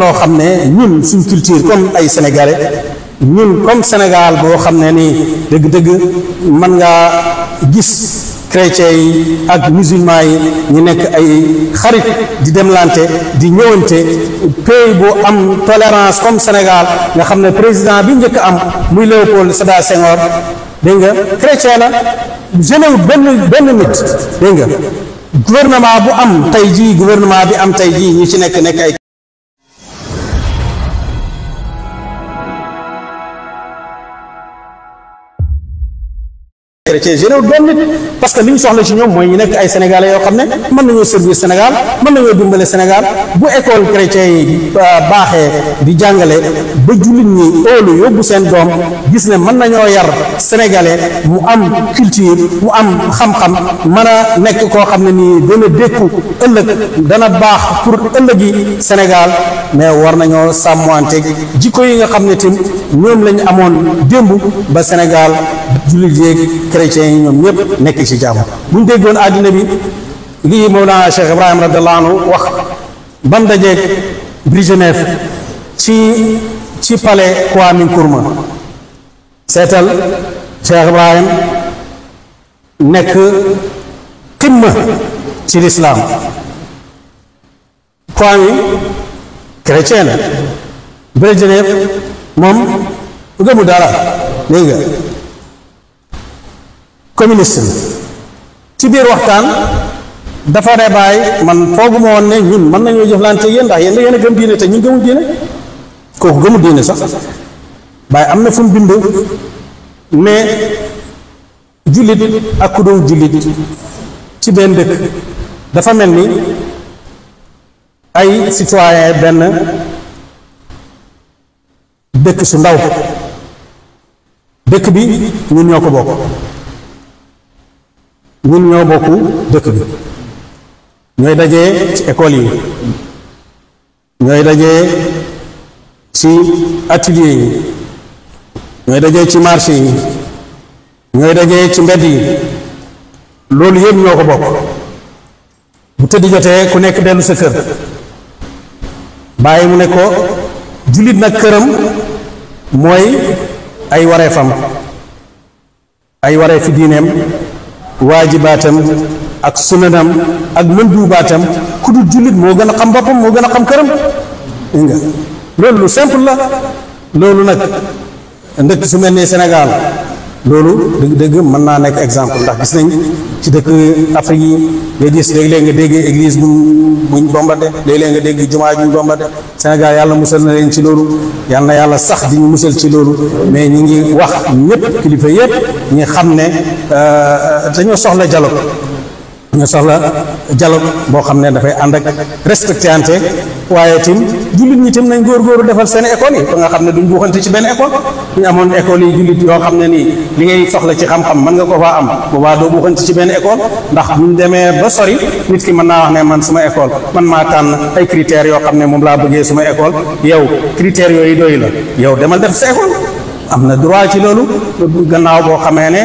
loo xam ne ñun suñ culture comme ay sénégalais ñun comme Sénégal boo xam ne nii dëgg-dëgg mën ngaa gis chrétiens yi ak musulman yi ñu nekk ay xarit di demlante di ñëwante pays bu am tolérance comme Sénégal nga xam ne président bi njëkk am muy Léopold Sédar Senghor dégg nga chrétien la généwul benn benn nit dégg nga gouvernement bu am tey jii gouvernement bi am tey jii ñu ci nekk nekk ay chrétiens généraux doon nit parce que li ñu soxla ci ñoom mooy ñu nekk ay sénégalais yoo xam ne mën nañoo servir Sénégal mën nañoo dimbale Sénégal bu école chrétien yi euh, baaxee di jàngale ba jullit ñi óolu yóbbu seen doom gis ne mën nañoo yar sénégalais mu am culture mu am xam-xam mën a nekk koo xam ne nii dana dékku ëllëg dana baax pour ëllëgi Sénégal mais war nañoo sàmmante jikko yi nga xam ne tim ñoom lañu amoon démb ba Sénégal jullit yeeg chrétiens yi ñoom ñëpp nekk ci jàmm buñ déggoon àddina bi lii Mawlana Cheikh Ibrahima radiyallahu anhu wax bam dajeeg Brejnev ci ci palais Kwame Nkrumah seetal Cheikh Ibrahim nekk ximma ci lislaam Kwame chrétien la Brejnev moom gëmu dara dégg communiste ci biir waxtaan dafa ne baay man foogu ma woon ne ñun mën nañoo jëflante yéen ndax yéen da yéen a gëm diine te ñun gëmul diine kooku gëmul diine sax baay am na fum mu bind ne jullit ak ku dul jullit ci benn dëkk dafa mel ni ay citoyen benn dëkk su ndaw dëkk bi ñun ñoo ko bokk ñun ñoo bokk dëkk bi ñooy dajee ci école yi ñooy dajee ci atelier yi ñooy dajee ci marché yi ñooy dajee ci mbedd yi loolu yëpp ñoo ko bokk bu tëdd jotee ku nekk dellu sa kër bàyyi mu ne ko jullit nag këram mooy ay wareefam ay waree fi diineem waajibaatam ak sunanam ak mën duubaatam ku dul jullit moo gën a xam boppam moo gën a xam këram dégg loolu lu simple la loolu nag ndëkk su mel ne Sénégal loolu dëgg-dëgg mën naa nekk exemple ndax gis nañ ci dëkk Afrique yi nga gis léeg léegi nga dégg église bu buñ bombardé léeg-léeg nga dégg jumaa juñ bombardé Sénégal yàlla musal na leen ci loolu yàlla na yàlla sax di ñu musal ci loolu mais ñu ngi wax ñëpp kilifa yëpp ñi xam ne euh, dañoo soxla dialogue nga soxla dialogue boo xam ne dafay ànd ak respecté ante waaye tim jullit ñi tim nañ góorgóorlu defal seen école yi ba nga xam ne duñ buuxante ci benn école duñ li ngay soxla ci xam-xam mën nga ko faa am boobaa doo buuxante ci benn école ndax buñ demee ba sori nit ki mën naa wax ne man suma école man maa tànn ay critères yoo xam ne moom laa bëggee suma école yow critères yooyu doy la yow demal def sa école am na droit ci loolu gannaaw boo xamee ne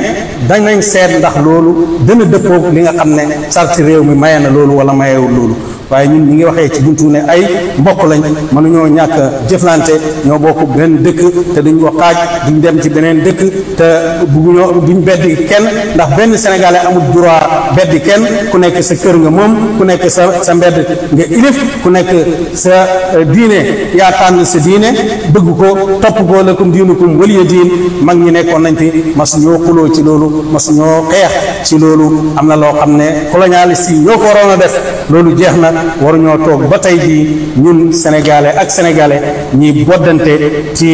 danañ seet ndax loolu dana dëppoog li nga xam ne sarti réew mi maye na loolu wala mayewul loolu waaye ñun ñi ngi waxee ci buntu ne ay mbokk lañ mënuñoo ñàkk jëflante ñoo bokk benn dëkk te duñ ko xaaj duñ dem ci beneen dëkk te bugguñoo duñ beddi kenn ndax benn sénégalais amul droit beddi kenn ku nekk sa kër nga moom ku nekk sa sa mbedd nga ilif ku nekk sa eh, diine yaa tànn sa diine bëgg ko topp ko lakum diinukum waliya diin mag ñu nekkoon nañ fi mas ñoo xuloo ci loolu loolu mas ñoo xeex ci loolu am na loo xam ne colonialiste yi ñoo ko waroon a def loolu jeex na waruñoo toog ba tey jii ñun sénégalais ak sénégalais ñi boddante ci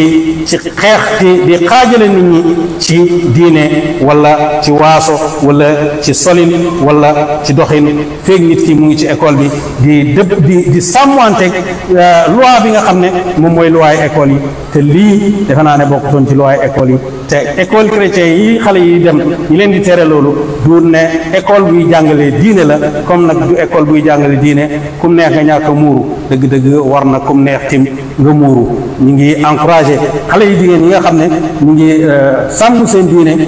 ci xeex di xaajale nit ñi ci diine wala ci waaso wala ci solin wala ci doxin feeg nit ki mu ngi ci école bi di dëpp di di sàmmanteeg euh, loi bi nga xam ne moom mooy loi école yi te lii defe naa ne bokkutoon ci loi école yi te école chrétien yi xale yi dem ñi leen di tere loolu du ne école buy jàngalee diine la comme nag école buy jàngale diine kum neex nga ñàkk a muuru dëgg-dëgg war na kum neex tim nga muuru ñu ngi encouragé xale yu jigéen yi nga xam ne ñu ngi euh, sàmm seen diine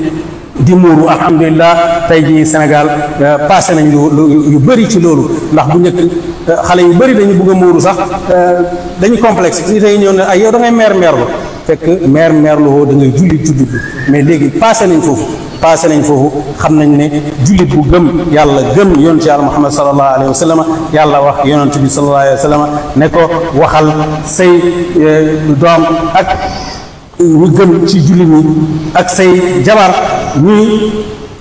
di muuru alhamdulilah tey jii Sénégal euh, passé nañ lu yu bëri ci loolu ndax bu njëkk euh, xale yu bëri dañu bëgg muuru sax dañu complexe si tey ñëw ne ay yow da ngay meer meer lu fekk meer meer lu da ngay julli julli mais léegi passé nañ foofu passé nañ fofu xam nañ ne julit bu gëm yàlla gëm yonent yàlla muhammad salallahu alayhi wa sallam yàlla wax yonent bi salallahu alayhi wa sallam ne ko waxal say doom ak ñu gëm ci jullit ñi ak say jabar ñuy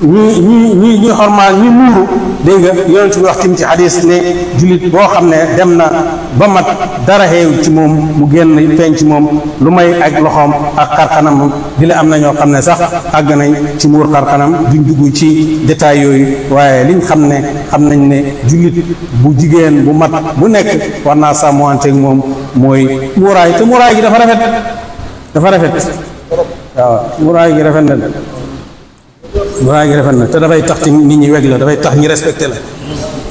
ñi ñi ñi ñi xormaal ñi muuru dégg nga yonent bi wax tim ci xadis ne jullit boo xam ne dem na ba mat dara xeew ci moom mu génn feeñ ci moom lu may ak loxoom ak xarxanam di la am na ñoo xam ne sax àgg nañ ci muur xarxanam duñ dugg ci détail yooyu waaye liñ xam ne xam nañ ne jullit bu jigéen bu mat bu nekk war naa sàmmanteeg moom mooy muuraay te muuraay gi dafa rafet dafa rafet waaw muuraay gi rafet na waaye ngi rafet na te dafay tax ci nit ñi weg la dafay tax ñi respecté la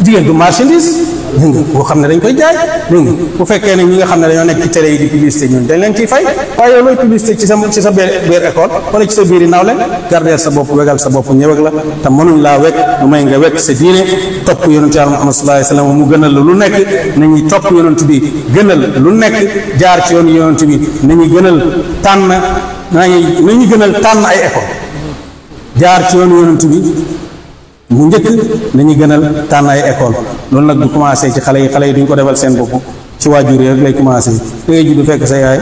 jigéen du marchandise dégg nga boo xam ne dañ koy jaay dégg nga bu fekkee ne ñi nga xam ne dañoo nekk ci télé yi di publicité ñun dañ leen ciy fay waaye looy publicité ci sa ci sa biir école wala ci sa biir yi naaw leen gardeel sa bopp wegal sa bopp ñëweg la te mënuñ laa weg lu may nga weg sa diine topp yonentu am Muhammad sallallahu alayhi wasallam mu gënal la lu nekk nañuy topp yonent bi gënal lu nekk jaar ci yoon yonent bi nañuy gënal tànn nañuy nañuy gënal tànn ay école jaar ci yoonu yonent bi mu njëkk nañu gënal tànn ay école loolu nag du commencé ci xale yi xale yi duñ ko defal seen bopp ci waajur yi rek lay commencé da ngay juddu fekk sa yaay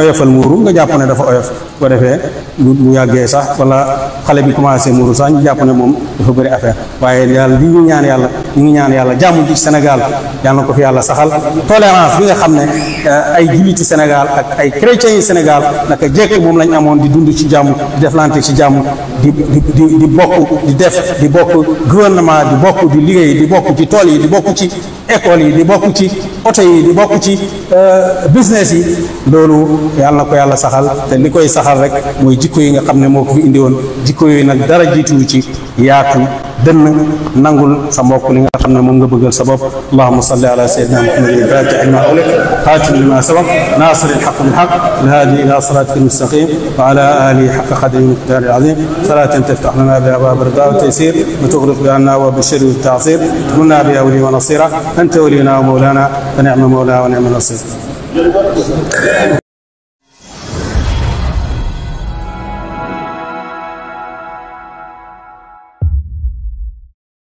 oyofal muuru nga jàpp ne dafa oyof ko defee mu yàggee sax wala xale bi commencé muuru sax ñu jàpp ne moom dafa bëri affaire waaye yàlla li ñu ñaan yàlla ñu ngi ñaan yàlla jàmm ji Sénégal yal na ko fi yàlla saxal tolérance bi nga xam ne euh, ay julliti Sénégal ak ay chrétiens yi Sénégal naka jekk moom lañ amoon di dund ci jàmm di deflante ci jàmm di di di bokk di def di bokk gouvernement di bokk di liggéey di bokk ci tool yi di bokk ci école yi di bokk ci oto yi di bokk ci euh, business yi loolu yal na ko yàlla saxal te li koy saxal rek mooy jikko yi nga xam ne moo ko fi indi woon jikko yooyu nag dara jiituwu ci yaatu دن نانغول سموك لينغا li nga xam ne moom nga bëggal sa bopp allahuma salli ala sayidina muhammadin fatih ma ulik الحق بالحق الهادي الى صراطك المستقيم وعلى اله حق قدره ومقداره العظيم صلاه تفتح لنا بها باب الرضا والتيسير وتغلق بها النار وبالشر والتعصير تكون بها ولي ونصيرا انت ولينا ومولانا فنعم مولانا ونعم نصير